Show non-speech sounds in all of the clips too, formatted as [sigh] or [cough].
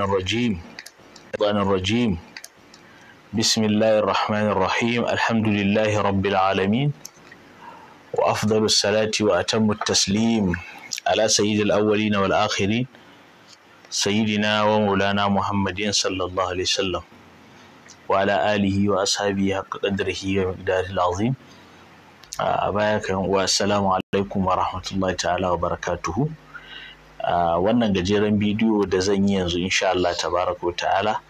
الرجيم الشيطان الرجيم بسم الله الرحمن الرحيم الحمد لله رب العالمين وأفضل الصلاة وأتم التسليم على سيد الأولين والآخرين سيدنا ومولانا محمد صلى الله عليه وسلم وعلى آله وأصحابه حق قدره ومقداره العظيم أبايك والسلام عليكم ورحمة الله تعالى وبركاته wannan gajeren bidiyo da zan yi yanzu insha Allah tabaraka wa ta'ala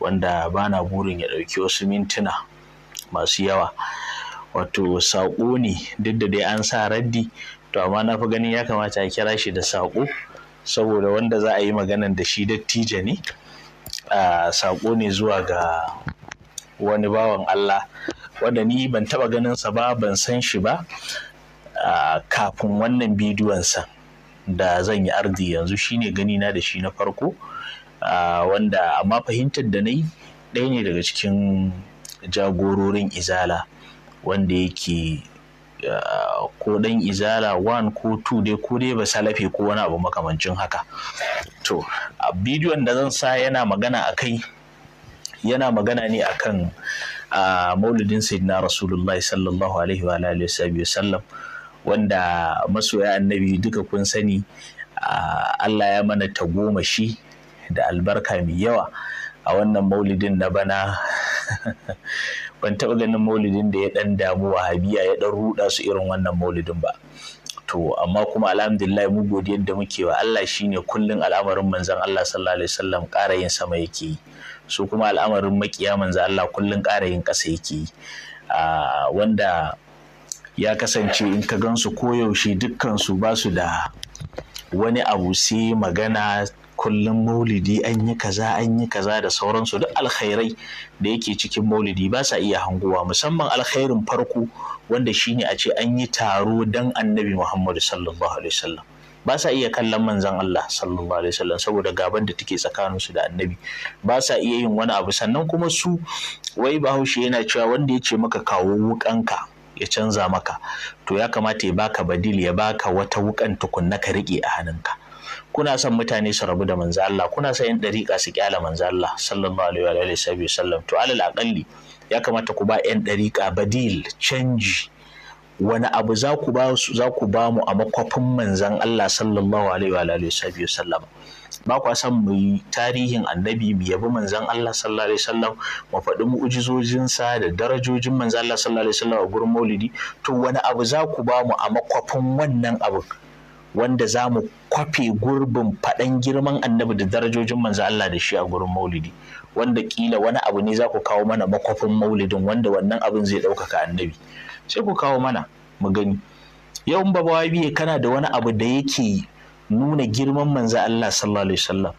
wanda bana burin ya ɗauki wasu mintuna masu yawa wato saƙo ne duk da dai an sa raddi to amma na fi ganin ya kamata a kira shi da saƙo saboda wanda za a yi maganan da shi dattijo ne saƙo ne zuwa ga wani bawan Allah wanda ni ban taɓa ganin sa ba ban san shi ba kafin wannan bidiyon san da zan yi arzi yanzu shine gani na da shi na farko wanda amma fahimtar da na ɗaya ne daga cikin jagororin izala wanda yake ko dan izala one ko two dai ko dai ba salafe ko wani abu makamancin haka to a bidiyon da zan sa yana magana a kai yana magana ne akan maulidin sayyidina rasulullahi sallallahu alaihi wa alihi wa sallam wanda masoya annabi duka kun sani Allah ya mana tagomashi da albarka mai yawa a wannan maulidin na bana [laughs] ban taɓa ganin maulidin da ya ɗan damu wahabiya ya ɗan ruɗa su irin wannan maulidin ba to amma kuma alhamdulillah mu godiyar yadda muke wa Allah shine kullun al'amarin manzon Allah sallallahu alaihi wasallam ƙara yin sama yake yi su kuma al'amarin makiya manzon Allah kullun ƙara yin ƙasa yake yi wanda ya kasance in ka gansu koyaushe dukkansu ba su da wani abu sai magana kullum maulidi an yi kaza an yi kaza da sauransu duk alkhairai da yake cikin maulidi ba sa iya hanguwa musamman alkhairin farko wanda shine a ce an yi taro dan annabi muhammadu sallallahu alaihi wasallam ba sa iya kallon manzan Allah sallallahu alaihi wasallam saboda gaban da take tsakanin su da annabi ba sa iya yin wani abu sannan kuma su wai bahaushe yana cewa wanda ya ce maka kawo wukanka ya canza maka to ya kamata ya baka badil ya baka wata wukan tukunna ka riƙe a hannunka kuna son mutane su rabu da manzo Allah kuna son yan dariƙa su kyala manzo Allah sallallahu alaihi wa alihi sallam to alal aqalli ya kamata ku ba yan dariƙa badil canji wani abu za ku ba za ku ba mu a makwafin manzon Allah sallallahu alaihi wa alihi sallam ba kwa son mu yi tarihin annabi mu yabi manzon Allah sallallahu alaihi wasallam mu faɗi sa da darajojin manzon Allah sallallahu alaihi wasallam a gurin maulidi to wani abu za ku ba mu a makwafin wannan abu wanda za mu kwafe gurbin faɗan girman annabi da darajojin manzon Allah da shi a gurin maulidi wanda kila wani abu ne za ku kawo mana makwafin maulidin wanda wannan abin zai ɗaukaka annabi sai ku kawo mana mu gani Yawan babawa baba kana da wani abu da yake nuna girman manzan Allah sallallahu alaihi wasallam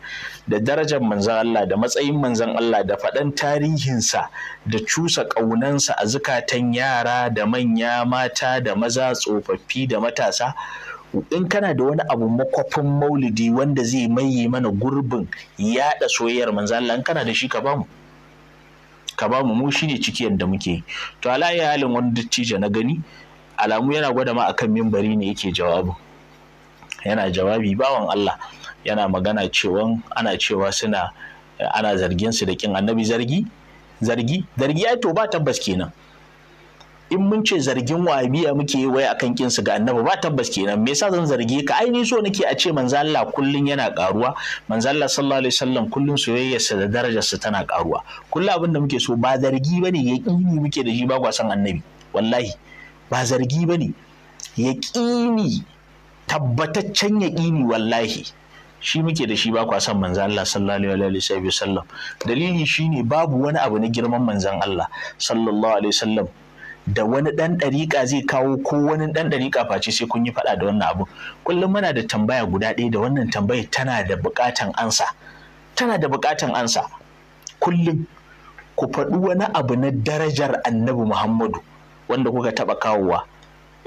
da darajar manzan Allah da matsayin manzan Allah da faɗan tarihinsa da cusa ƙaunansa a zukatan yara da manya mata da maza tsofaffi da matasa in kana da wani abu makwafin maulidi wanda zai maye mana gurbin yaɗa soyayyar manzan Allah in kana da shi ka bamu ka bamu mu shine cikiyar da muke to alayi halin wani dattijo na gani alamu yana gwada ma akan mimbari ne yake jawabin yana jawabi bawan Allah yana magana cewa ana cewa suna ana zargin su da kin annabi zargi zargi zargi ai to ba tabbas kenan in mun ce zargin wahabiya muke yi waya akan kinsu ga annabi ba tabbas kenan me yasa zan zarge ka ai ni so nake a ce manzo Allah kullun yana karuwa manzo Allah sallallahu alaihi wasallam kullun soyayyarsa da darajarsa tana karuwa kullu abin da muke so ba zargi bane yaqini muke da shi ba annabi wallahi ba zargi bane yaqini tabbataccen yaƙini wallahi shi muke da shi ba kwa son manzan Allah sallallahu alaihi wasallam dalili shine babu wani abu na girman manzan Allah sallallahu alaihi wasallam da wani ɗan ɗariƙa zai kawo ko wani ɗan ɗariƙa face sai kun yi faɗa da wannan abu kullum muna da tambaya guda ɗaya da wannan tambayar tana da buƙatan ansa tana da buƙatan ansa kullum ku faɗi wani abu na darajar annabi muhammadu wanda kuka taɓa kawowa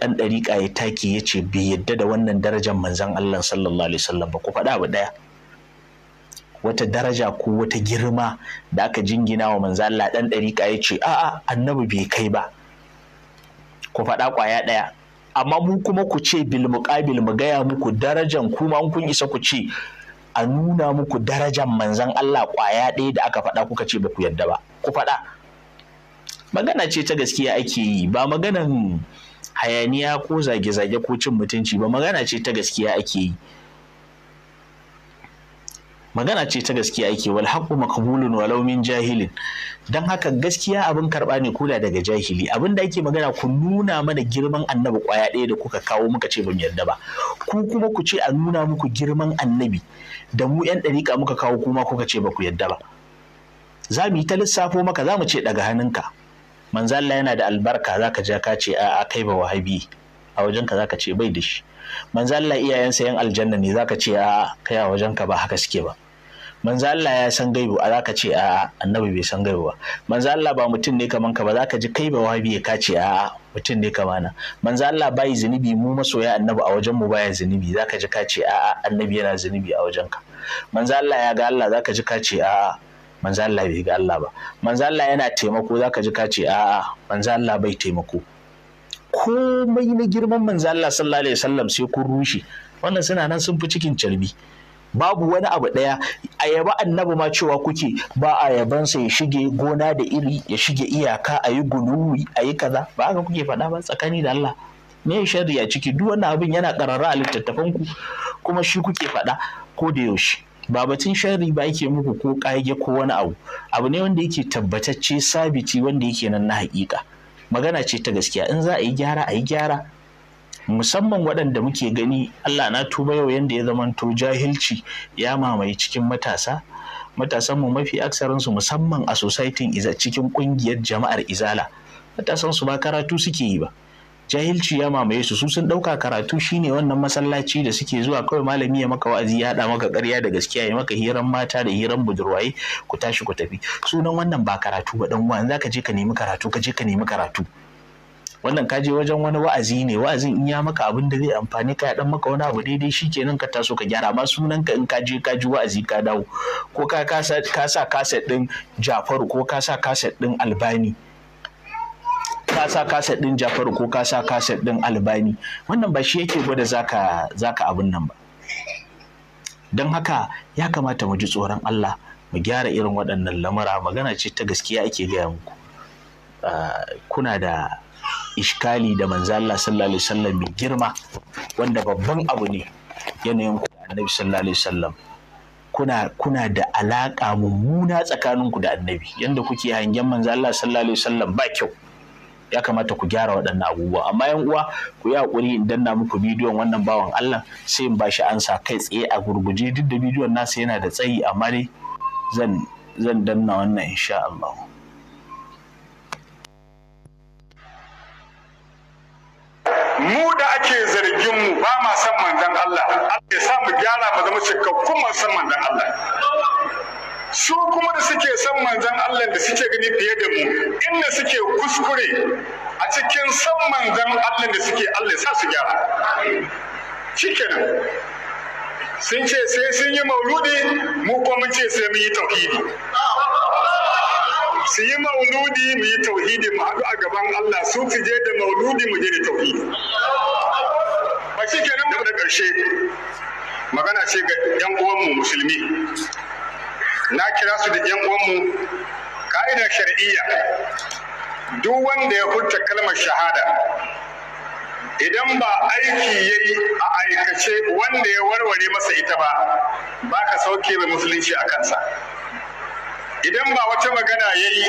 ɗan ɗariƙa ya take ya ce bai yadda da wannan darajar manzan Allah sallallahu alaihi wasallam ba ku faɗa abu ɗaya wata daraja ko wata girma da aka jingina wa manzan Allah ɗan ɗariƙa ya ce a'a annabi bai kai ba ku faɗa ƙwaya ɗaya amma mu kuma ku ce bil muqabil mu gaya muku darajan kuma kun isa ku ce a nuna muku darajan manzan Allah ƙwaya ɗaya da aka faɗa kuka ce ba ku yadda ba ku faɗa magana ce ta gaskiya ake yi ba maganan hayaniya ko zage-zage ko cin mutunci ba magana ce ta gaskiya ake yi magana ce ta gaskiya ake wal haqqu maqbulun walau min jahilin dan haka gaskiya abin karba ne kula daga jahili abin da ake magana ku nuna mana girman annabi kwaya ɗaya da kuka kawo muka ce bamu yarda ba ku kuma ku ce a nuna muku girman annabi da mu yan dariƙa muka kawo kuma kuka ce ba ku yarda ba za mu yi ta lissafo maka za mu ce daga hannunka manzo Allah yana da albarka zaka je ka ce a kai ba wahabi a wajen za zaka ce bai da shi manzo Allah iyayensa yan aljanna ne zaka ce a kai a ka ba haka suke ba manzo Allah ya san gaibu a zaka ce a annabi bai san gaibu ba manzo Allah ba mutum ne kaman ka ba zaka ji kai ba wahabi ka ce a'a mutum ne na manzo Allah bai zunubi mu masoya annabi a wajen mu baya zunubi zaka ji ka ce a annabi yana zunubi a wajen manzo Allah ya ga Allah zaka ji ka ce a'a manzo Allah bai ga Allah ba manzo Allah yana taimako zaka ji ka ce a'a manzo Allah bai taimako komai na girman manzo Allah sallallahu alaihi wasallam sai kun rushe wannan suna nan sun fi cikin carbi babu wani abu ɗaya ayaba annabi ma cewa kuke ba a sa ya shige gona da iri ya shige iyaka a yi ayi a yi kaza ba haka kuke faɗa ba tsakani da Allah me sharri ciki duk wannan abin yana ƙararra a littattafanku kuma shi kuke faɗa ko da yaushe ba batun sharri ba yake muku ko kage ko wani abu abu ne wanda yake tabbatacce sabiti wanda yake nan na hakika. magana ce ta gaskiya in za a yi gyara a yi gyara musamman waɗanda muke gani Allah na tuba yau yanda ya zamanto jahilci ya mamaye cikin matasa matasanmu mafi aksarinsu musamman a society cikin ƙungiyar jama'ar izala Matasan su ba karatu suke yi ba jahilci ya mamaye su su sun ɗauka karatu shine wannan masallaci da suke zuwa kawai malami ya maka wa'azi ya haɗa maka ƙarya da gaskiya ya maka hiran mata da hiran budurwaye ku tashi ku tafi sunan wannan ba karatu ba dan uwan zaka je ka nemi karatu ka je ka nemi karatu wannan ka je wajen wani wa'azi ne wa'azin in ya maka abin da zai amfani ka ya dan maka wani abu daidai shikenan ka taso ka gyara amma sunan ka in ka je ka ji wa'azi ka dawo ko ka sa kaset din Jafaru ko ka sa kaset din Albani ka sa kaset din Jafaru ko ka sa kaset din Albani wannan ba shi yake gwada zaka zaka abin nan ba don haka ya kamata mu ji tsoron Allah mu gyara irin waɗannan lamura magana ce ta gaskiya ake gaya muku ah, kuna da ishkali da manzo Allah sallallahu alaihi wasallam mai girma wanda babban abu ne yanayin ku da annabi sallallahu alaihi wasallam kuna kuna da alaka mummuna tsakaninku da annabi yanda kuke hangen manzo Allah sallallahu alaihi wasallam ba kyau ya kamata ku gyara waɗannan abubuwa amma yan uwa ku yi hakuri in danna muku bidiyon wannan bawan Allah sai in bashi ansa kai tsaye a gurguje duk da bidiyon nasa yana da tsayi amma dai zan zan danna wannan insha Allah mu da ake zargin mu ba ma san manzon Allah Allah ya sa mu gyara mu zama cikakkun manzon Allah su kuma da suke son manzan Allah da suke gani fiye da mu inda suke kuskure a cikin son manzan Allah da suke Allah sa su gyara cikin sun ce sai sun yi mauludi mu kuma mun ce sai mun yi tauhidi su yi mauludi mu yi tauhidi mu haɗu a gaban Allah su su je da mauludi mu je da tauhidi ba shikenan da ƙarshe magana ce ga 'yan uwanmu musulmi na kira su da yan uwanmu ka'idar shar'iyya duk wanda ya hurta kalmar shahada idan ba aiki ya yi a aikace wanda ya warware masa ita ba ba ka sauke mai musulunci a kansa idan ba wata magana ya yi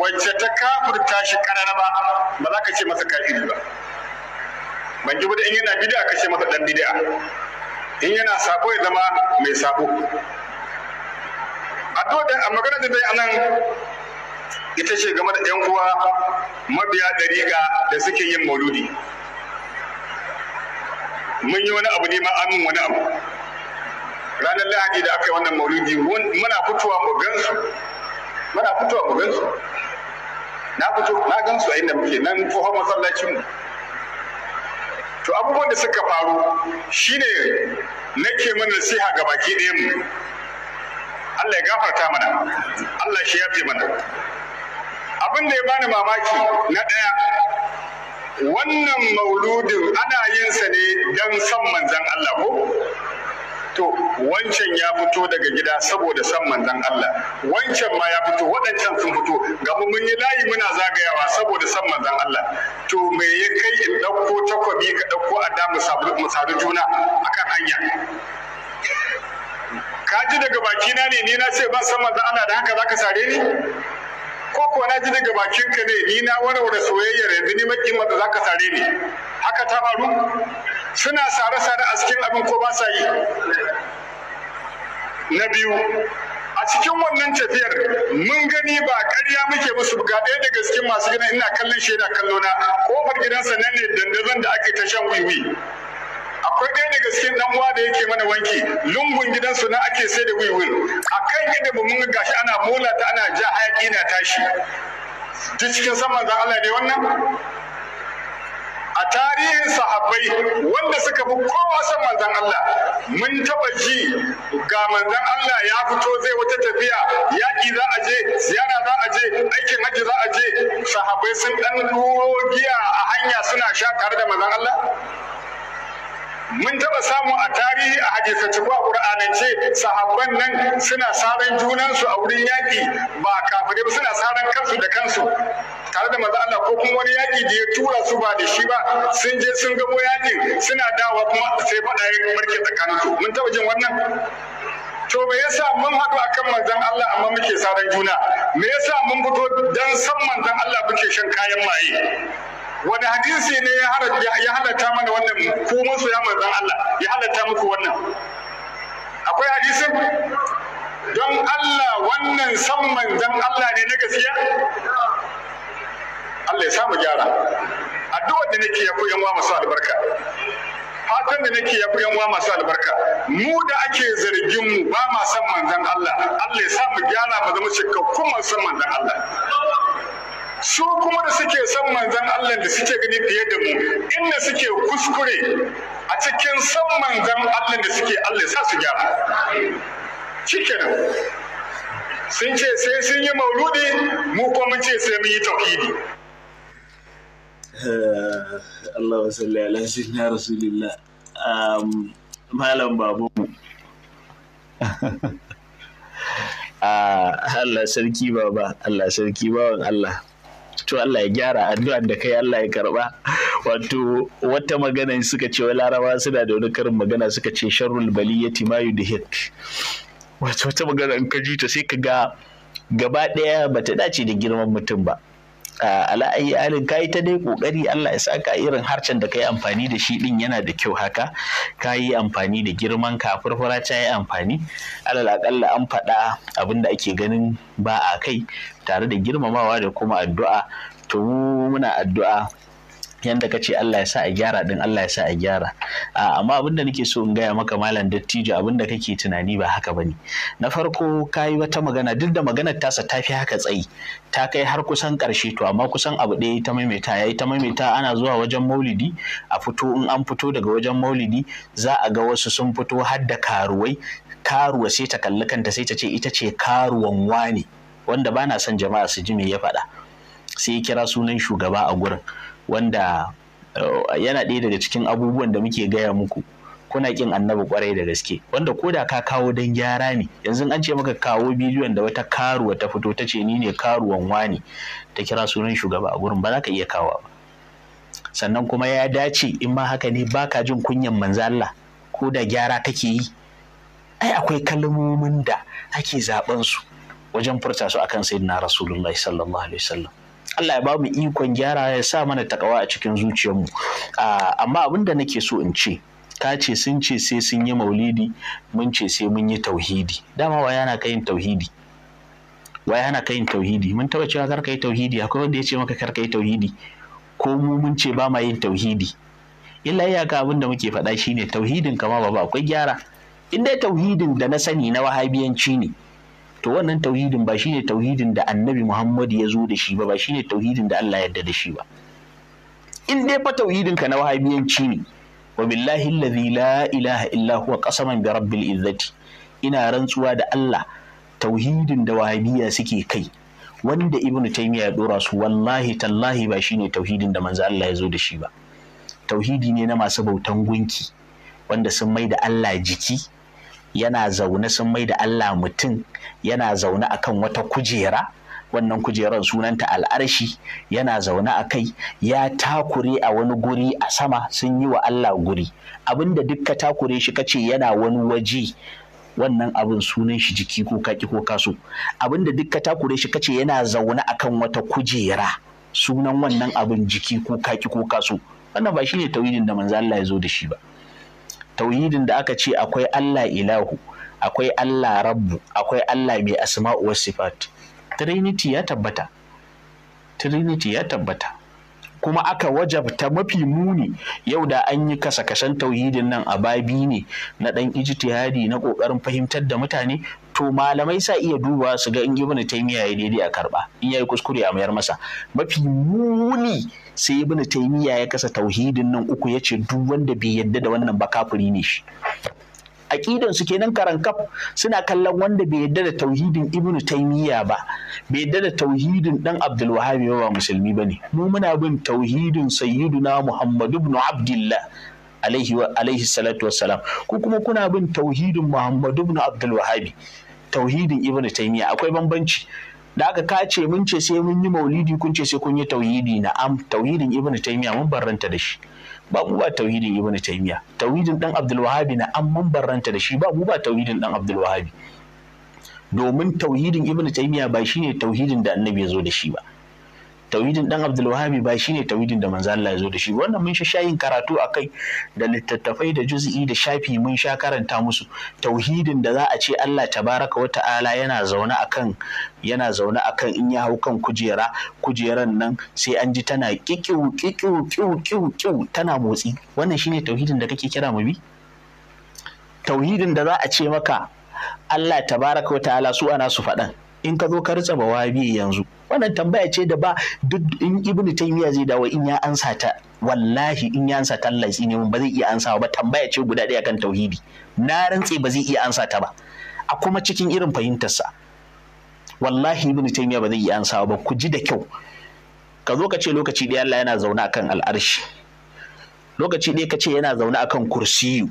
wacce ta kafurta shi karara ba ba za ka ce masa kafiri ba ban ji in yana bid'a ka ce masa dan bid'a in yana sabo ya zama mai sabo addu'a da a magana da bai anan ita ce game da yan uwa mabiya dariƙa da suke yin mauludi mun yi wani abu ne ma amin wani abu ranar lahadi da aka yi wannan mauludi muna fitowa mu gansu muna fitowa mu gansu na fito na gansu a inda muke nan tsohon masallacin mu to abubuwan da suka faru shine nake mana nasiha ga baki ɗayan mu Allah ya gafarta mana Allah shi fi mana abin da ya bani mamaki na ɗaya wannan mauludin ana yin sa ne don san manzan Allah ko to wancan ya fito daga gida saboda san manzan Allah wancan ma ya fito waɗancan sun fito ga mun yi layi muna zagayawa saboda san manzan Allah to me ya kai in ɗauko takwabi ka ɗauko a damu mu juna akan hanya ka ji daga bakina ne ni na ce ba san manzo Allah da haka zaka sare ni ko ko na ji daga bakinka ne ni na warware soyayyar yanzu ni makin manzo zaka sare ni haka ta faru suna sare-sare a cikin abin ko ba sa yi na biyu a cikin wannan tafiyar mun gani ba ƙarya muke musu buga ɗaya daga cikin masu gina ina kallon shaida kallona ƙofar gidansa nan ne dandazon da ake ta shan wiwi akwai ɗaya daga cikin ɗan uwa da yake mana wanki lungun gidansu na ake sai da wiwil a kan gida mu mun gashi ana mola ta ana ja hayaki na tashi duk cikin saman za Allah ne wannan a tarihin sahabbai wanda suka fi kowa San manzon Allah mun taɓa ji ga manzon Allah ya fito zai wata tafiya yaƙi za a je ziyara za a je aikin hajji za a je sahabbai sun dan giya a hanya suna sha tare da manzon Allah mun taɓa samu a tarihi a hadisance ko a ƙur'anance sahabban nan suna saran junansu a wurin yaƙi ba kafire ba suna saran kansu da kansu tare da manzo Allah ko kuma wani yaƙi da ya tura su ba da shi ba sun je sun ga yaƙin suna dawa kuma sai faɗa ya barke tsakaninku mun taɓa jin wannan to me yasa mun haɗu akan manzon Allah amma muke saran juna me yasa mun fito dan san manzon Allah muke shan kayan maye wani hadisi ne ya halatta mana wannan ku musu ya manzan Allah ya halatta muku wannan akwai hadisin don Allah wannan san manzan Allah ne na gaskiya Allah ya samu gyara addu'ar da nake ya ku yan masu albarka fatan da nake ya ku yan masu albarka mu da ake zargin mu ba ma san manzan Allah Allah ya samu gyara mu zama cikakkun masu manzan Allah su kuma da suke son manzan Allah da suke gani fiye da mu inda suke kuskure a cikin son manzan Allah da suke Allah sa su gyara cikin sun ce sai sun yi mauludi mu kuma mun ce sai mun yi tauhidi eh, Allah wa salli ala sayyidina rasulillah malam babu [laughs] ah, Allah sarki baba Allah sarki bawan Allah to Allah ya gyara addu'an da kai Allah ya karba wato wata magana suka ce wai laraba suna da wani karin magana suka ce sharrul baliyati ma yudhik wato wata magana in ka ji ta sai ka ga gaba ɗaya bata dace da girman mutum ba ala ayi alin kayi ta dai kokari Allah ya saka irin harcen da kai amfani da shi din yana da kyau haka kayi amfani da girman ka furfura ta yi amfani alal akalla an faɗa abin da ake ganin ba a kai tare da girmamawa da kuma addu'a to muna addu'a yanda ka ce Allah ya sa a gyara din Allah ya sa a gyara amma abin da nake so in gaya maka malam dattijo abin da kake tunani ba haka bane na farko kayi wata magana duk da maganar tasa ta fi haka tsayi ta kai har kusan karshe to amma kusan abu ɗaya ta maimaita yayi ta maimaita ana zuwa wajen maulidi a fito in an fito daga wajen maulidi za a ga wasu sun fito har da karuwai karuwa sai ta kalli kanta sai ta ce ita ce karuwan wane wanda bana son jama'a su ji me ya faɗa sai ya kira sunan shugaba a gurin wanda eh, yana ɗaya daga cikin abubuwan da muke gaya muku kuna kin annabi kwarai da gaske wanda ko da ka kawo don gyara ne yanzu an ce maka kawo bidiyon da wata karuwa ta fito ta ce ni ne karuwan wani ta kira sunan shugaba a gurin ba za ka iya kawo ba sannan kuma ya dace in ma haka ne baka jin kunyan manzo Allah ko da gyara kake yi ai akwai kalmomin da ake zaben su wajen furta su akan sayyidina rasulullahi sallallahu alaihi wasallam Allah ya bamu ikon gyara ya sa mana takawa a cikin zuciyarmu amma abin da nake so in ce ka ce sun ce sai sun yi maulidi mun ce sai mun yi tauhidi dama wa yana kayin tauhidi wa yana kayin tauhidi mun taba cewa kar ka tauhidi akwai wanda ya ce maka kar kai tauhidi ko mu mun ce ba ma yin tauhidi illa ga abin da muke faɗa shine tauhidin kama ba ba akwai gyara in dai tauhidin da na sani na wahabiyanci ne to wannan tauhidin ba shine tauhidin da annabi Muhammadu ya zo da shi ba ba shine tauhidin da Allah yadda da shi ba in dai fa tauhidin ka na wahabiyanci ne wa billahi allazi la ilaha illa huwa qasaman bi rabbil izzati ina rantsuwa da Allah tauhidin da wahabiya suke kai wanda ibn taymiya ya dora su wallahi tallahi ba shine tauhidin da manzo Allah ya zo da shi ba tauhidi ne na masu bautan gunki wanda sun mai da Allah jiki yana zaune sun mai da Allah mutum yana zaune a kan wata kujera wannan kujerar sunanta al'arshi yana zaune a kai ya takure a wani guri a sama sun yi wa Allah guri abinda duk ka takure shi kace yana wani waje wannan abin sunan shi jiki ko kaki ko kaso abinda duk ka takure shi kace yana zaune akan wata kujera sunan wannan abin jiki ko kaki ko kaso wannan ba shi ne tauhidin da manzo Allah ya zo da shi ba tauhidin da aka ce akwai Allah ilahu akwai Allah rabbu akwai Allah mai asma'u was sifat trinity ya tabbata trinity ya tabbata kuma aka wajabta mafi muni yau da an yi kasa-kasan tauhidin nan a babi ne na dan ijtihadi na kokarin fahimtar da mutane to malamai sa iya duba su ga in ibnu taymiya ya daidai a karba in yayi kuskure a mayar masa mafi muni sai ibnu taymiya ya kasa tauhidin nan uku yace duk wanda bai yadda da wannan ba kafiri ne shi aqidan su kenan karankaf suna kallon wanda bai yadda da tauhidin ibnu taymiya ba bai yadda da tauhidin dan abdul wahabi ba musulmi bane mu muna bin tauhidin sayyiduna muhammad ibn abdullah alaihi salatu wassalam ko kuma kuna bin tauhidin muhammad ibn abdul wahabi tauhidin ibn taymiya akwai bambanci da aka kace mun ce sai mun yi maulidi kun ce sai kun yi tauhidi na am tauhidin ibn taymiya mun barranta da shi ba mu ba tauhidin ibn taymiya tauhidin dan abdul wahabi na am mun barranta da shi ba mu ba tauhidin dan abdul wahabi domin tauhidin ibn taymiya ba shine tauhidin da annabi ya zo da shi ba tauhidin dan abdulwahabi ba shine tauhidin da manzo Allah ya zo da shi wannan mun sha shayin karatu akai da littattafai da juz'i da shafi mun sha karanta musu tauhidin da za a ce Allah tabaraka wata'ala yana zaune akan yana zaune akan in ya hau kan kujera kujeran nan sai an ji tana kikiwu kiwu kiwu kiwu tana motsi wannan shine tauhidin da kake kira mu bi tauhidin da za a ce maka Allah tabaraka wata'ala su ana su faɗan in ka zo ka ritsa biyu yanzu wannan tambaya ce da ba duk in ibnu taymiya zai dawo in ya ansa ta wallahi in ya ansa ta Allah ne ba zai iya ansawa ba tambaya ce guda ɗaya kan tauhidi na rantse ba zai iya ansa ta ba a kuma cikin irin fahimtar sa wallahi ibnu taymiya ba zai iya ansawa ba ku ji da kyau ka zo ka ce lokaci ɗaya Allah yana zaune akan al'arshi lokaci ɗaya ka ce yana zaune akan kursiyu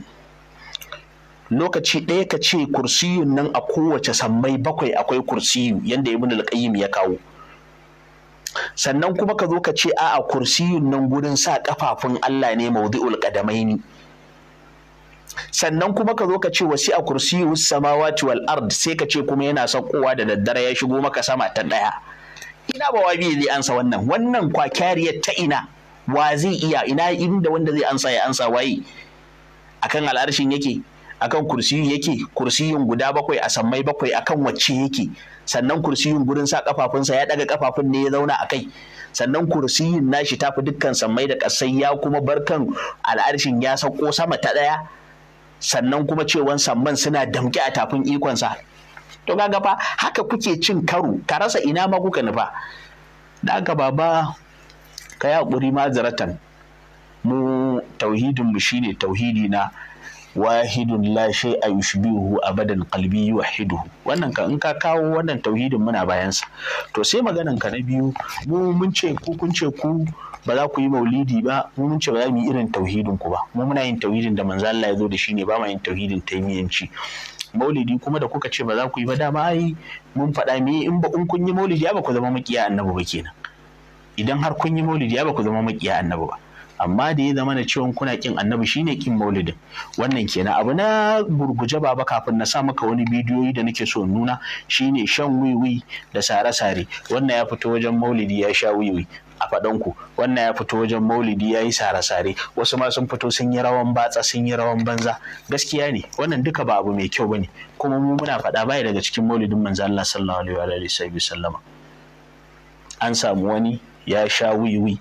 lokaci ɗaya ka ce kursiyun nan a kowace sammai bakwai akwai kursiyu yanda ibn al-qayyim ya kawo sannan kuma ka zo ka ce a'a kursiyun nan gurin sa kafafun Allah ne mawdi'ul qadamaini sannan kuma ka zo ka ce wasi a kursiyu samawati wal ard sai ka ce kuma yana saukowa da daddare ya shigo maka sama ta ɗaya. ina ba wabi zai ansa wannan wannan kwakyariyar ta ina wa zai iya ina inda wanda zai ansa ya ansa waye akan al'arshin yake akan kursiyi yake kursiyun guda bakwai a sammai bakwai akan wacce yake sannan kursiyun gurin sa kafafunsa ya daga kafafun ne ya zauna a kai sannan kursiyun nashi ta fi dukkan sammai da kasai ya kuma bar kan al'arshin ya sauko sama ta daya sannan kuma cewan samman suna damke a tafin ikonsa to kaga fa haka kuke cin karo ka rasa ina ma kuka nufa da haka baba ka yi hakuri ma zaratan mu tauhidin mu shine tauhidi na wahidun la a yushbihu abadan qalbi yuwahiduhu wannan ka in ka kawo wannan tauhidin muna bayan sa to sai maganan ka na biyu mu mun ce ku kun ce ku ba za ku yi maulidi ba mu mun ce ba za mu yi irin tauhidin ku ba mu muna yin tauhidin da manzo Allah ya zo da shi ne ba ma yin tauhidin taymiyanci maulidi kuma da kuka ce ba za ku yi ba dama ai mun faɗa me in ba in kun yi maulidi ba ku zama makiya annabi ba kenan idan har kun yi maulidi ba ku zama makiya annabi ba amma da ya zama na cewa kuna kin annabi shine kin maulidin wannan kenan abu na gurguje baba kafin na sa maka wani bidiyoyi da nake so nuna shine shan wiwi da sare-sare wannan ya fito wajen maulidi ya sha wiwi a faɗanku wannan ya fito wajen maulidi ya yi sare-sare wasu ma sun fito sun yi rawan batsa sun yi rawan banza gaskiya ne wannan duka ba abu mai kyau bane kuma mu muna faɗa baya daga cikin maulidin manzo Allah sallallahu alaihi wa alihi sallama an samu wani ya sha wiwi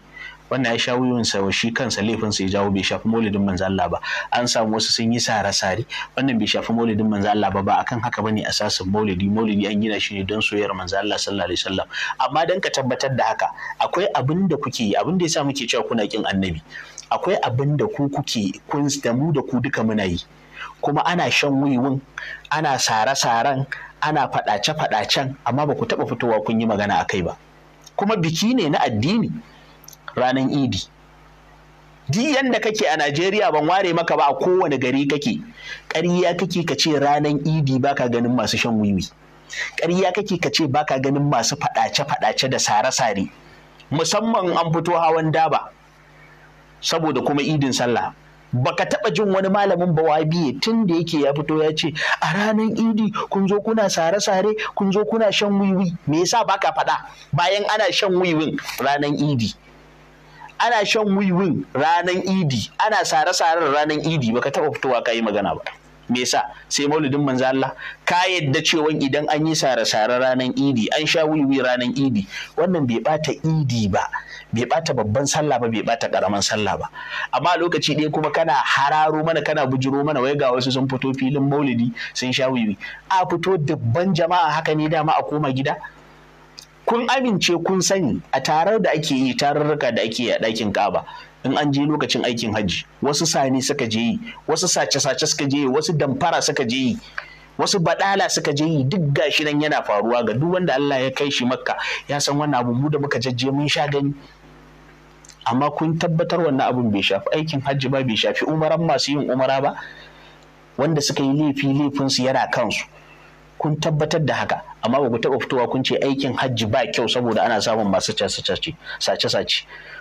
wannan ya sha wuyunsa sa shi kansa sa ya jawo bai shafi maulidin manzo Allah ba an samu wasu sun yi sare sare wannan bai shafi maulidin manzo Allah ba ba akan haka bane asasin maulidi maulidi an gina shi ne don soyayyar manzo Allah sallallahu alaihi wasallam amma dan ka tabbatar da haka akwai abin da kuke yi abin da yasa muke cewa kuna kin annabi akwai abin da ku kuke kun da mu da ku duka muna yi kuma ana shan wiwin ana sare-saren ana faɗace-faɗacen amma ba ku taɓa fitowa kun yi magana akai ba kuma biki ne na addini ranar idi duk yadda kake a Najeriya ban ware maka ba a kowane gari kake ƙarya kake ka ce ranar idi baka ganin masu shan wiwi ƙarya kake ka ce baka ganin masu faɗace-faɗace da sare-sare musamman an fito hawan daba saboda kuma idin sallah baka taɓa jin wani malamin bawabiye tun da yake ya fito ya ce a ranar idi kun zo kuna sare-sare kun zo kuna shan wiwi me yasa baka faɗa bayan ana shan wiwin ranar idi ana shan wiwin ranar idi ana sare-saren ranar idi baka taɓa fitowa ka yi magana ba me yasa sai maulidin manzo Allah ka yadda cewa idan an yi sare-sare ranar idi an sha wiwi ranar idi wannan bai bata idi ba bai bata babban sallah ba bai bata karaman sallah ba amma lokaci ɗaya kuma kana hararo mana kana bujiro mana wai ga wasu sun fito filin maulidi sun sha wiwi a fito dabban jama'a haka ne dama a koma gida kun amince kun sani a tarar da ake yi tararraka da ake yi a ɗakin kaba in an je lokacin aikin hajji wasu sani suka je yi wasu sace-sace suka je yi wasu damfara suka je yi wasu baɗala suka je yi duk gashi nan yana faruwa ga duk wanda Allah ya kai shi makka ya san wannan abu mu da muka jajje mun sha gani amma kun tabbatar wannan abun bai shafi aikin hajji ba bai shafi umaran masu yin umara ba wanda suka yi laifi laifinsu yana kansu kun tabbatar da haka amma ba ku taɓa fitowa kun ce aikin hajji ba kyau saboda ana samun masu sace-sace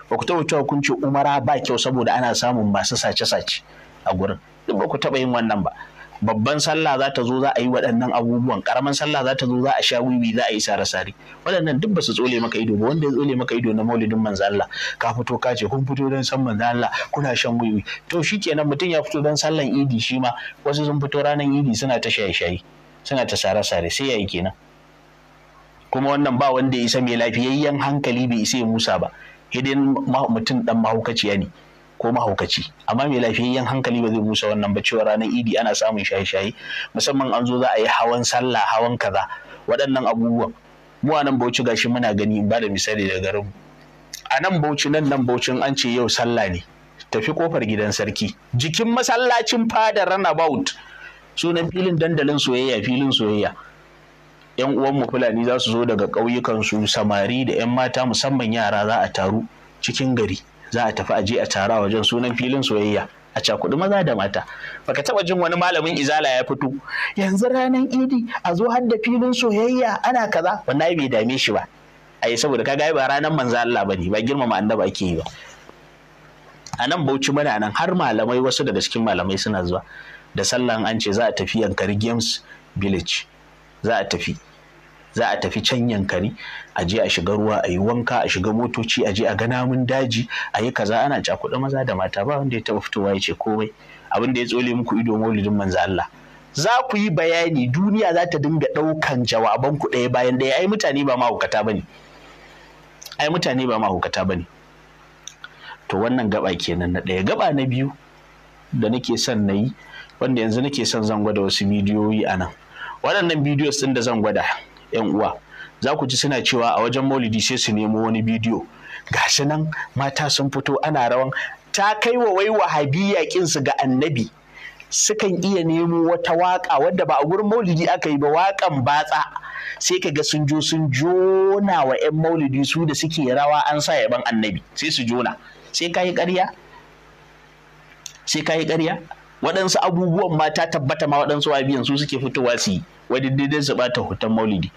ba ku taɓa fitowa kun ce umara ba kyau saboda ana samun masu sace-sace a gurin duk ba ku taɓa yin wannan ba babban sallah za ta zo za a yi waɗannan abubuwan ƙaramin sallah za ta zo za a sha wiwi za a yi sare-sare waɗannan duk ba su tsole maka ido ba wanda ya tsole maka ido na maulidin manzo Allah ka fito ka ce kun fito don san manzo Allah kuna shan wiwi to shikenan mutum ya fito don sallan idi shi ma wasu sun fito ranar idi suna ta shaye-shaye suna ta sare-sare sai yayi kenan kuma wannan ba wanda ya isa mai lafiyayyen hankali bai isa ya musa ba hidin mutum dan mahaukaciya ne ko mahaukaci amma mai lafiyayyen hankali ba zai musa wannan ba cewa ranar idi ana samun shaye-shaye musamman an zo za a yi hawan sallah hawan kaza waɗannan abubuwan mu a nan bauchi gashi muna gani ba da misali daga garin a nan bauchi nan nan baucin an ce yau sallah ne tafi kofar gidan sarki jikin masallacin fadar runabout sunan filin dandalin soyayya filin soyayya 'yan uwanmu fulani za su zo daga ƙauyukan su samari da 'yan mata musamman yara za a taru cikin gari za a tafi aje a tara wajen sunan filin soyayya a cakudu maza da mata baka taba jin wani malamin izala ya fito yanzu ranar idi a zo har da filin soyayya ana kaza wannan bai dame shi ba A yi saboda kaga ba ranar manzo Allah bane ba girmama annabi ake yi ba a nan bauchi muna nan har malamai wasu daga cikin malamai suna zuwa da sallan an ce za a tafi yankari games village za a tafi za a tafi can yankari a je a shiga ruwa a yi wanka a shiga motoci a je a ga namun daji a yi kaza ana cakuɗa maza da mata ba wanda ya taɓa fitowa ya ce komai abin da ya tsole muku ido maulidin manza Allah za ku yi bayani duniya za ta dinga ɗaukan jawaban ku ɗaya bayan ɗaya ai mutane ba mahaukata bane ai mutane ba mahaukata bane to wannan gaba kenan na ɗaya gaba na biyu da nake son na yi wanda yanzu nake son zan gwada wasu bidiyoyi a nan waɗannan bidiyo ɗin da zan gwada yan uwa za ku ci suna cewa a wajen maulidi sai su nemo wani bidiyo Ga shi nan mata sun fito ana rawan ta kai wa wai wahabiyya su ga annabi sukan iya nemo wata waƙa wadda ba a gurin maulidi aka yi ba wakan batsa sai ka ga sun jo sun jona wa 'yan maulidi su da suke rawa an sa yaban annabi sai su jona sai ka yi ƙarya sai ka yi ƙarya waɗansu abubuwan mata tabbata ma waɗansu wabiyan su suke fitowa su yi wani dai su bata hoton maulidi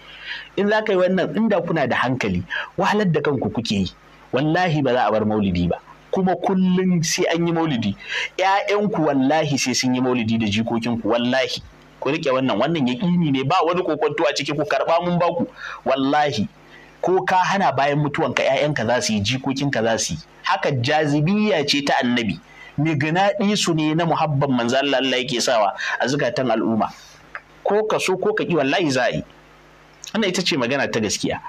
in za ka yi wannan inda kuna da hankali wahalar da kanku kuke yi wallahi ba za a bar maulidi ba kuma kullum sai an yi maulidi ƴaƴanku wallahi sai sun yi maulidi da jikokinku wallahi ku riƙe wannan wannan yaƙini ne ba wani kokonto a ciki ku karɓa mun baku wallahi ko ka hana bayan mutuwanka ƴaƴanka za su yi jikokinka za su yi haka jazibiya ce ta annabi miginaɗi su ne na muhabban manzo Allah yake sawa a zukatan al'umma ko ka so ko ka ƙi wallahi za a yi wannan ita ce magana ta gaskiya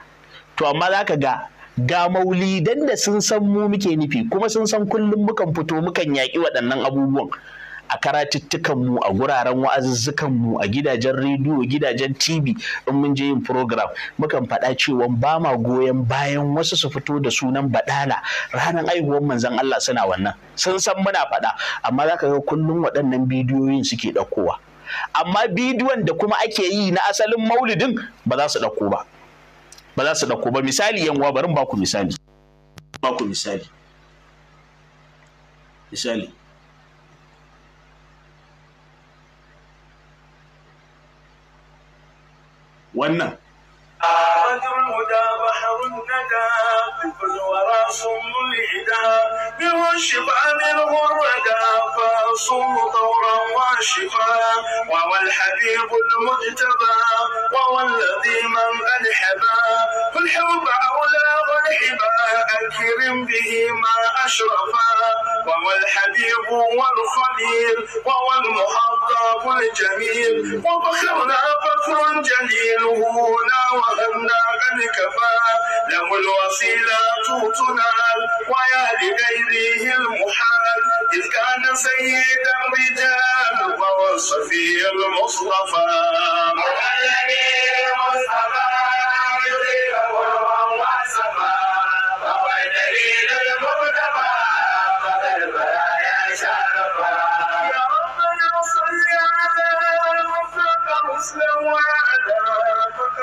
to amma za ka ga ga maulidan da sun san mu muke nufi kuma sun san kullum mukan fito mukan yaƙi waɗannan abubuwan a karatuttukan mu, a guraren wa'azuzzukan mu, a gidajen rediyo gidajen tv in mun je yin program mukan faɗa cewa ba ma goyon bayan wasu su fito da sunan baɗala ranar aihuwar manzon Allah suna wannan sun san muna faɗa amma za ka ga kullum waɗannan bidiyoyin suke ɗaukowa amma bidiyon da kuma ake yi na asalin maulidin ba za su ɗauko ba ba za su ɗauko ba misali yan uwa ba baku misali baku misali misali wannan بوشفاء بالغرق فأصوم طورا وشفاء وهو الحبيب المجتبى وهو الذي من ألحبا فالحب أولى والحبا أكرم به ما أشرفا وهو الحبيب والخليل وهو المحبب الجميل وبخرنا بكر جليل هنا وهنا قد كفى له الوسيلة تنال ويا لغيره المحال إذ كان سيد الرجال وهو الصفي المصطفى الذي المصطفى يطيله الله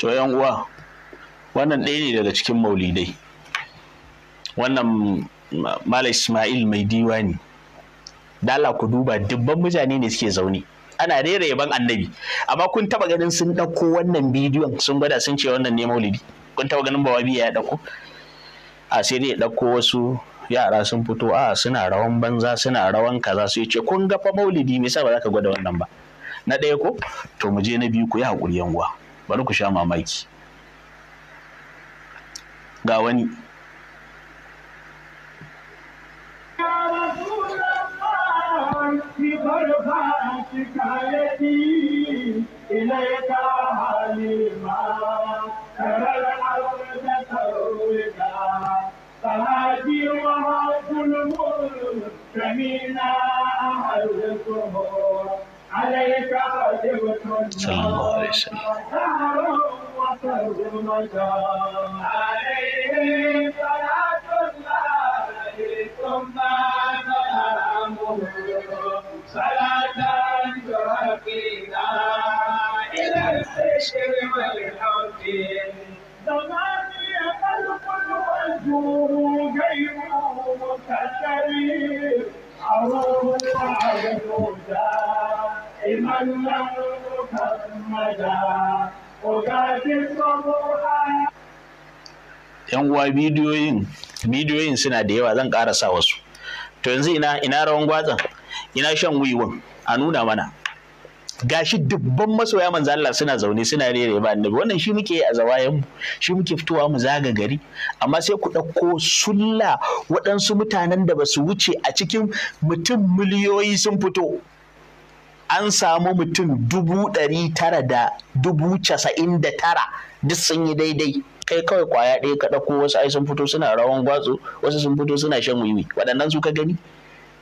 to yan uwa wannan ɗaya ne daga cikin maulidai wannan Malam ismail mai diwa ne dala ku duba dubban mutane ne suke zaune ana rera yaban annabi amma kun taba ganin sun ɗauko wannan bidiyon sun gwada sun ce wannan ne maulidi kun taba ganin ba wabi ya ɗauko a sai dai ɗauko wasu yara sun fito a suna rawan banza suna rawan kaza su ce kun ga fa maulidi me yasa ba za ka gwada wannan ba na ɗaya ko to mu je na biyu ku yi hakuri yan uwa bari ku sha mamaki ga wani sallallahu alaihi wasallam خير المدام عليهم سلام cewa bidiyoyin bidiyoyin suna da yawa zan sa wasu to yanzu ina ina rawan gwatsan ina shan wiwon a nuna mana gashi dubban masoya manzo Allah suna zaune suna rere ba annabi wannan shi muke a zawayen mu shi muke fitowa mu zaga gari amma sai ku ɗauko sulla waɗansu mutanen da ba su wuce a cikin mutum miliyoyi sun fito an samu mutum dubu ɗari tara da dubu casa'in da tara duk sun yi daidai kai kawai kwaya ɗaya ka ɗauko wasu ai sun fito suna rawan gwatsu wasu sun fito suna shan wiwi waɗannan su ka gani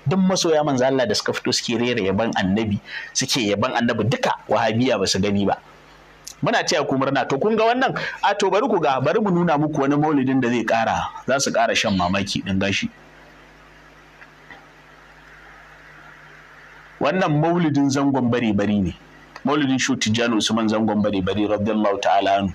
duk masoya manzo Allah da suka fito suke rera yaban annabi suke yaban annabi duka wahabiya ba su gani ba muna taya ku murna to kun ga wannan a to bari ku ga bari mu nuna muku wani maulidin da zai ƙara za su ƙara shan mamaki din gashi wannan maulidin zangon bare-bare ne maulidin shu tijjani usman zangon bare-bare radiyallahu ta'ala anhu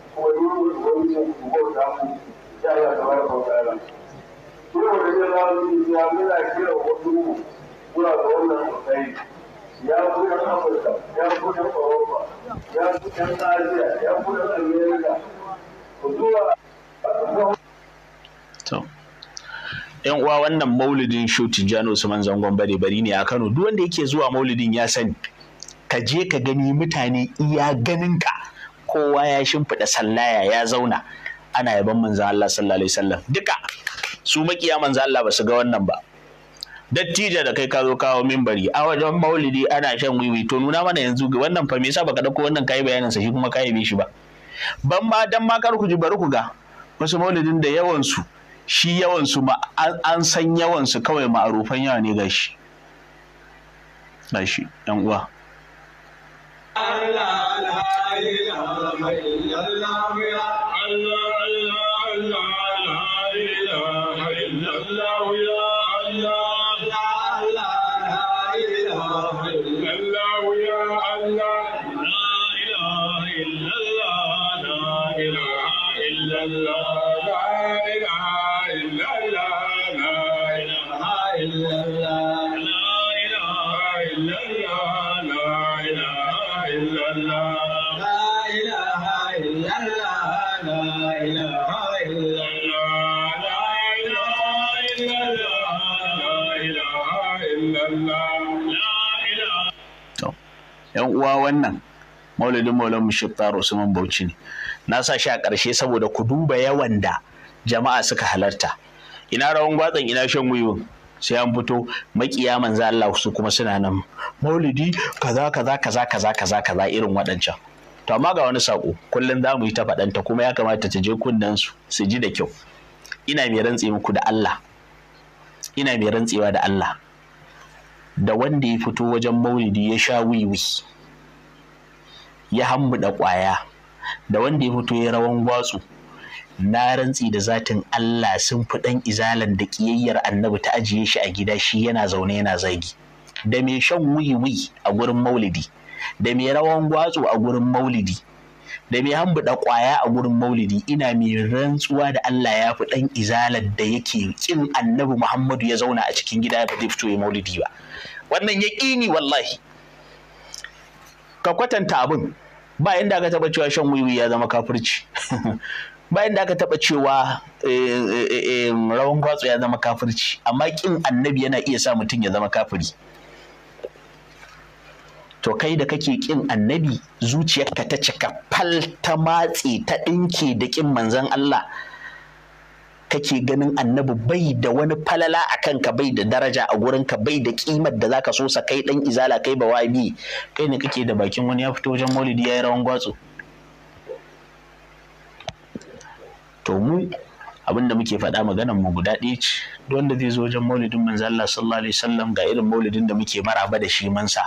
'yan uwa wannan maulidin shoti jano usman zangon bare bari ne a kano duk wanda yake zuwa maulidin ya sani ka je ka gani mutane iya ganin ka kowa ya shimfiɗa sallaya ya zauna ana yaban manzan Allah sallallahu alaihi wasallam duka su makiya manzan Allah ba su ga wannan ba dattijo da kai ka zo kawo minbari a wajen maulidi ana shan wiwi to nuna mana yanzu wannan fa me yasa baka dauko wannan kai bayanin sa shi kuma kai bi shi ba ban ma dan ma kar ku ji bari ku ga wasu maulidin da yawan su shi yawan su ma an san yawan su kawai ma'arufan yawa ne gashi gashi yan uwa Allah Allah. yan uwa wannan maulidin maulan mushiftar usman bauchi ne na sa shi a ƙarshe saboda ku duba yawan da jama'a suka halarta ina rawan gwatsan ina shan wiwin sai an fito makiya manzo Allah su kuma suna nan maulidi kaza kaza kaza kaza kaza kaza irin waɗancan to amma ga wani sako kullum za mu yi ta faɗanta kuma ya kamata ta je kunnen su su ji da kyau ina mai rantse muku da Allah ina mai rantsewa da Allah da wanda ya fito wajen maulidi ya sha wiwi ya hambu da ƙwaya da wanda ya fito ya rawan gwatsu na rantsi da zatin Allah sun fi ɗan izalan da ƙiyayyar annabi ta ajiye shi a gida shi yana zaune yana zagi da mai shan wiwi a gurin maulidi da mai rawan gwatsu a gurin maulidi da mai hambuɗa kwaya a gurin maulidi ina mai rantsuwa da Allah ya fi ɗan izalar da yake kin annabi Muhammadu ya zauna a cikin gida ba zai fito ya maulidi ba wannan ya ƙini wallahi ka kwatanta abin ba inda aka taɓa cewa shan wiwi ya zama kafirci [laughs] ba inda aka taɓa cewa eh, eh, eh, rawan gwatsu ya zama kafirci amma kin annabi yana iya sa mutum ya zama kafiri to kai da kake kin annabi zuciyarka ta cika fal ta matse ta ɗinke da kin manzon Allah kake ganin annabi bai da wani falala a kanka bai da daraja a gurinka bai da kimar da zaka so sa kai dan izala kai ba wabi kai ne kake da bakin wani ya fito wajen maulidi ya yi rawan gwatsu to mu abin da muke faɗa maganar mu guda ɗaya ce wanda zai zo wajen maulidin manzo Allah sallallahu alaihi wasallam ga irin maulidin da muke maraba da shi mansa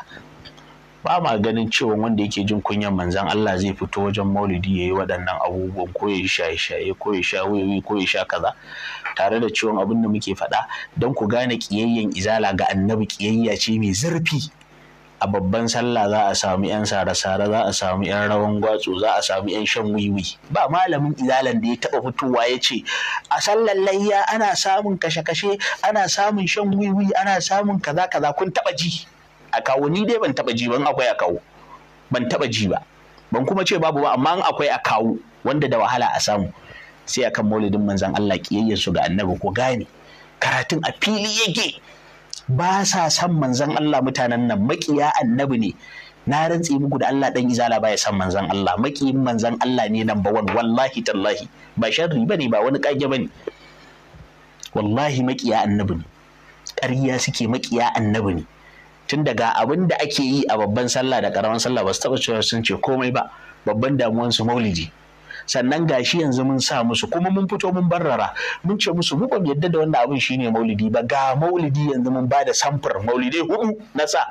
ba ma ganin cewa wanda yake jin kunyan manzan Allah zai fito wajen maulidi ya yi waɗannan abubuwan ko ya shaye shaye ko ya sha wuyoyi ko ya sha kaza tare da ciwon abin da muke faɗa don ku gane ƙiyayyen izala ga annabi ƙiyayya ce mai zurfi a babban sallah za a samu 'yan sare-sare za a samu 'yan rawan gwatsu za a samu 'yan shan wiwi ba malamin izalan da ya taɓa fitowa ya ce a sallar layya ana samun kashe-kashe ana samun shan wiwi ana samun kaza-kaza kun taɓa ji a kawo ni dai ban taba ji ban akwai a kawo ban taba ji ba ban kuma ce babu ba amma in akwai a kawo wanda da wahala a samu sai akan maulidin manzan Allah kiyayyen su ga annabi ko gane karatun a fili yake ba sa san manzan Allah mutanen nan makiya annabi ne na rantsi muku da Allah dan izala baya san manzan Allah makiyin manzan Allah ne number one wallahi tallahi ba sharri bane ba wani kage bane wallahi makiya annabi ne ƙarya suke makiya annabi ne tun daga abin da ake yi a babban sallah da karaman sallah ba su taɓa cewa sun ce komai ba babban damuwan su maulidi sannan gashi yanzu mun sa musu kuma mun fito mun barrara mun ce musu mu bamu yadda da wannan abin shine maulidi ba ga maulidi yanzu mun bada samfur maulidi hudu na sa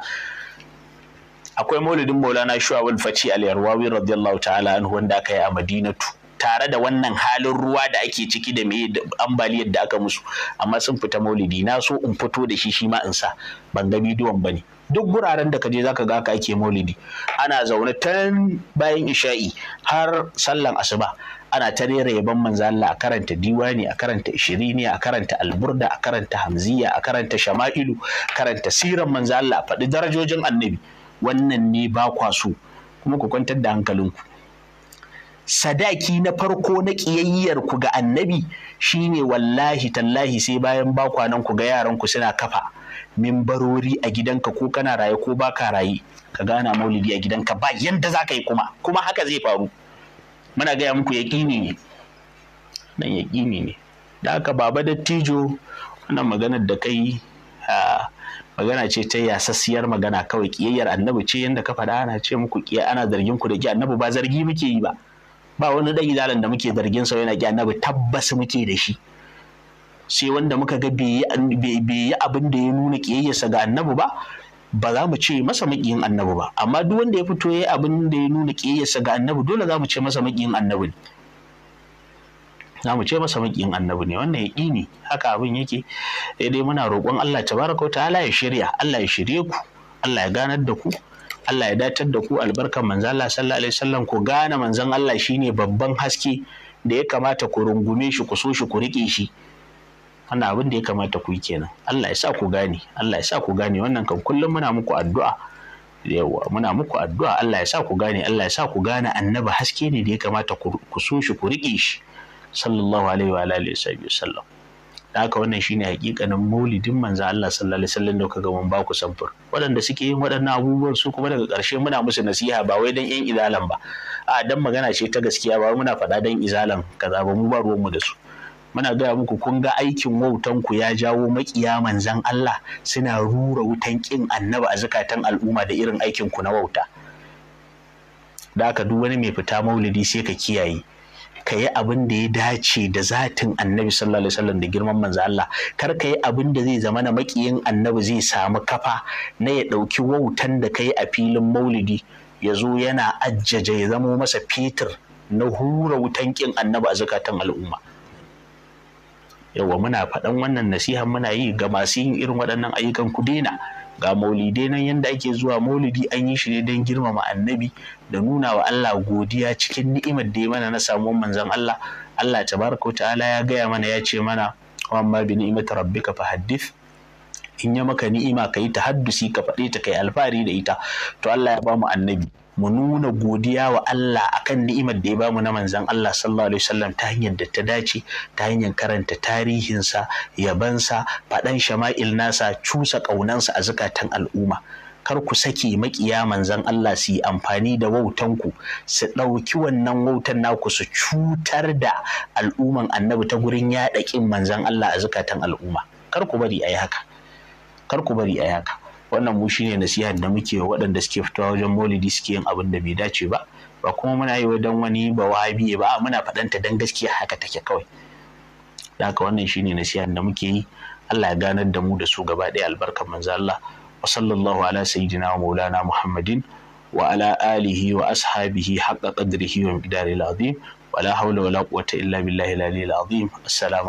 akwai maulidin maulana shuwa'ul fati al-yarwawi radiyallahu ta'ala anhu wanda aka yi a madinatu tare da wannan halin ruwa da ake ciki da me ambaliyar da aka musu amma sun fita maulidi na so in fito da shi shi ma in sa ban ga bidiyon bane duk guraren da ka kaje zaka ga ka ake maulidi ana zaune tan bayan isha'i har sallan asuba ana ta rera yaban manzo Allah a karanta diwani a karanta ishiriniya a karanta alburda a karanta hamziya a karanta shama'ilu karanta siran manzo Allah faɗi darajojin annabi wannan ne ba kwaso kuma ku kwantar da hankalinku sadaki na farko na ƙiyayyar ku ga annabi shine wallahi tallahi sai bayan bakwanan ku ga yaran ku suna kafa mimbarori a gidanka ko kana raye ko baka raye ka gana maulidi a gidanka ba yanda za ka yi kuma kuma haka zai faru muna gaya muku yaƙini ne nan yaƙini ne da haka baba dattijo wannan maganar da kai magana ce ta yasasiyar magana kawai ƙiyayyar annabi ce yanda ka faɗa ana ce muku ana zargin ku da ki annabi ba zargi muke yi ba ba wani dan idalan da muke zargin sa yana ki annabi tabbas muke da shi sai wanda muka ga bai yi abin da ya nuna kiyayyarsa ga annabi ba ba za mu ce masa maƙiyin annabi ba amma duk wanda ya fito ya abin da ya nuna kiyayyarsa ga annabi dole za mu ce masa maƙiyin annabi ne za mu ce masa maƙiyin annabi ne wannan yaƙini haka abin yake dai muna roƙon Allah tabaraka ta'ala ya shirya Allah ya shirye ku Allah ya ganar da ku Allah ya datar da ku albarkar manzon Allah sallallahu alaihi wasallam ku gane manzon Allah shine babban haske da ya kamata ku rungume shi ku so shi ku rike shi wannan abin da ya kamata ku yi kenan Allah ya sa ku gane Allah ya sa ku gane wannan kan kullum muna muku addu'a yawa muna muku addu'a Allah ya sa ku gane Allah ya sa ku gane annabi haske ne da ya kamata ku so shi ku rike shi sallallahu alaihi wa alihi wasallam da haka wannan shine hakikanin maulidin manzo Allah sallallahu alaihi wasallam da kaga mun ba ku samfur waɗanda suke yin waɗannan abubuwan su kuma daga ƙarshe muna musu nasiha ba wai dan yan izalan ba a dan magana ce ta gaskiya ba muna faɗa dan izalan kaza ba mu ba mu da su muna gaya muku kun ga aikin wautan ku ya jawo makiya manzan Allah suna rura wutan kin annabi a zakatan al'umma da irin aikin ku na wauta da haka duk wani mai fita maulidi sai ka kiyaye ka yi abin da ya dace da zatin annabi sallallahu alaihi wasallam da girman manzo Allah kar ka yi abin da zai zama na makiyin annabi zai samu kafa na ya ɗauki wautan da ka a filin maulidi ya zo yana ajjaje ya zamo masa fitir na hura wutan kin annabi a zakatan al'umma yawa muna faɗan wannan nasiha muna yi ga masu yin irin waɗannan ayyukan ku daina ga maulidai nan yadda ake zuwa maulidi an yi shi ne don girmama annabi da nuna wa Allah godiya cikin ni'imar da ya mana na samun manzon Allah Allah tabaraka wa ta'ala ya gaya mana ya ce mana wa amma bi ni'imati rabbika fahaddith in ya maka ni'ima ka yi tahaddusi ka faɗe ta kai alfahari da ita to Allah ya bamu annabi mu nuna godiya wa Allah akan ni'imar da ya bamu na manzon Allah sallallahu alaihi wasallam ta hanyar da ta dace ta hanyar karanta tarihinsa yabansa faɗan shama'il nasa cusa ƙaunansa a zukatan al'umma kar ku sake makiya manzan Allah su yi amfani da wautanku su ɗauki wannan wautan naku su cutar da al'umman annabi ta gurin yaɗa ƙin manzan Allah a zukatan al'umma kar ku bari a yi haka kar ku bari a yi haka wannan mu shine nasihar da muke wa waɗanda suke fitowa wajen maulidi suke yin abin da bai dace ba ba kuma muna yi dan wani ba wahabi ba muna faɗanta dan gaskiya haka take kawai da haka wannan shine nasihar da muke yi Allah ya ganar da mu da su gaba ɗaya albarkar manzo Allah wa ala sayyidina wa maulana muhammadin wa ala alihi wa ashabihi haqqa qadrihi wa miqdaril azim wala haula wala wa illa billahi al-aliyyil azim